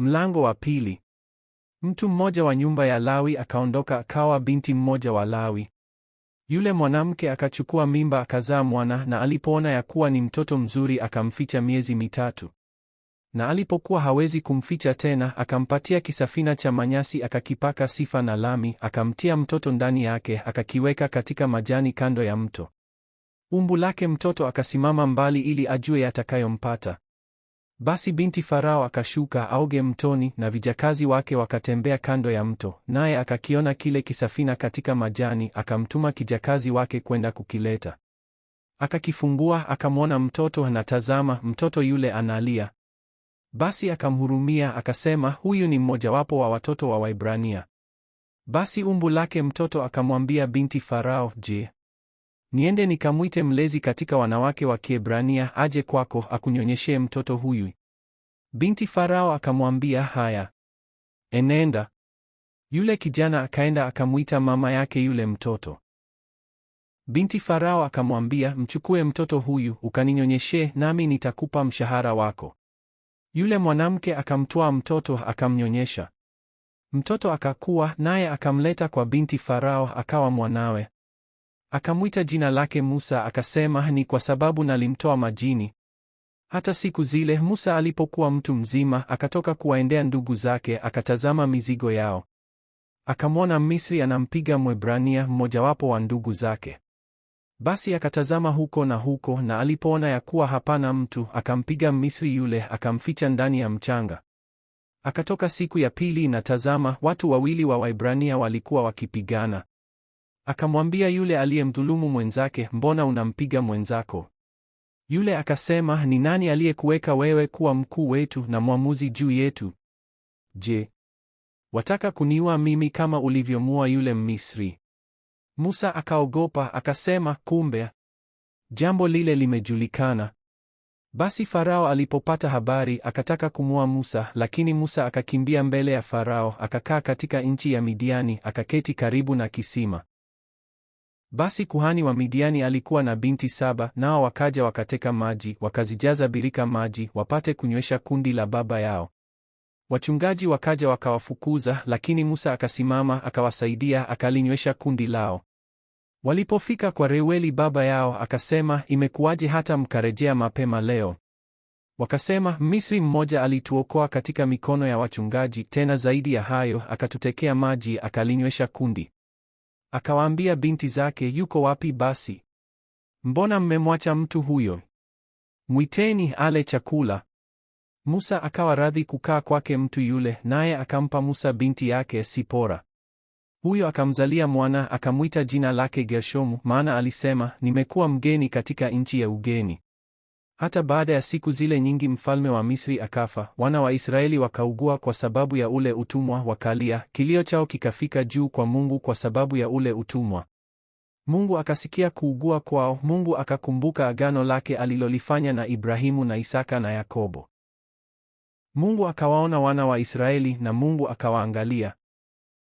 Mlango wa pili. Mtu mmoja wa nyumba ya Lawi akaondoka akawa binti mmoja wa Lawi. Yule mwanamke akachukua mimba akazaa mwana, na alipoona ya kuwa ni mtoto mzuri akamficha miezi mitatu. Na alipokuwa hawezi kumficha tena, akampatia kisafina cha manyasi akakipaka sifa na lami, akamtia mtoto ndani yake, akakiweka katika majani kando ya mto. Umbu lake mtoto akasimama mbali ili ajue yatakayompata. Basi binti Farao akashuka aoge mtoni, na vijakazi wake wakatembea kando ya mto, naye akakiona kile kisafina katika majani, akamtuma kijakazi wake kwenda kukileta. Akakifungua akamwona mtoto, anatazama mtoto yule analia. Basi akamhurumia, akasema, huyu ni mmojawapo wa watoto wa Waibrania. Basi umbu lake mtoto akamwambia binti Farao, je, Niende nikamwite mlezi katika wanawake wa Kiebrania aje kwako akunyonyeshe mtoto huyu. Binti Farao akamwambia, haya, enenda. Yule kijana akaenda akamwita mama yake yule mtoto. Binti Farao akamwambia, mchukue mtoto huyu ukaninyonyeshe, nami nitakupa mshahara wako. Yule mwanamke akamtoa mtoto akamnyonyesha. Mtoto akakua, naye akamleta kwa binti Farao akawa mwanawe. Akamwita jina lake Musa, akasema, ni kwa sababu nalimtoa majini. Hata siku zile Musa alipokuwa mtu mzima, akatoka kuwaendea ndugu zake, akatazama mizigo yao, akamwona Misri anampiga Mwebrania, mmojawapo wa ndugu zake. Basi akatazama huko na huko, na alipoona ya kuwa hapana mtu, akampiga Misri yule, akamficha ndani ya mchanga. Akatoka siku ya pili, na tazama, watu wawili wa Waebrania walikuwa wakipigana. Akamwambia yule aliyemdhulumu mwenzake, mbona unampiga mwenzako? Yule akasema, ni nani aliyekuweka wewe kuwa mkuu wetu na mwamuzi juu yetu? Je, wataka kuniua mimi kama ulivyomua yule Mmisri? Musa akaogopa akasema, kumbe jambo lile limejulikana. Basi Farao alipopata habari akataka kumua Musa, lakini Musa akakimbia mbele ya Farao, akakaa katika nchi ya Midiani, akaketi karibu na kisima. Basi kuhani wa Midiani alikuwa na binti saba, nao wakaja wakateka maji, wakazijaza birika maji, wapate kunywesha kundi la baba yao. Wachungaji wakaja wakawafukuza, lakini Musa akasimama akawasaidia, akalinywesha kundi lao. Walipofika kwa Reueli baba yao, akasema, imekuwaje hata mkarejea mapema leo? Wakasema, Misri mmoja alituokoa katika mikono ya wachungaji, tena zaidi ya hayo akatutekea maji akalinywesha kundi. Akawaambia binti zake, yuko wapi basi? Mbona mmemwacha mtu huyo? Mwiteni ale chakula. Musa akawa radhi kukaa kwake mtu yule, naye akampa Musa binti yake Sipora. Huyo akamzalia mwana, akamwita jina lake Gershomu, maana alisema, nimekuwa mgeni katika nchi ya ugeni. Hata baada ya siku zile nyingi mfalme wa Misri akafa, wana wa Israeli wakaugua kwa sababu ya ule utumwa, wakalia, kilio chao kikafika juu kwa Mungu kwa sababu ya ule utumwa. Mungu akasikia kuugua kwao, Mungu akakumbuka agano lake alilolifanya na Ibrahimu na Isaka na Yakobo. Mungu akawaona wana wa Israeli na Mungu akawaangalia.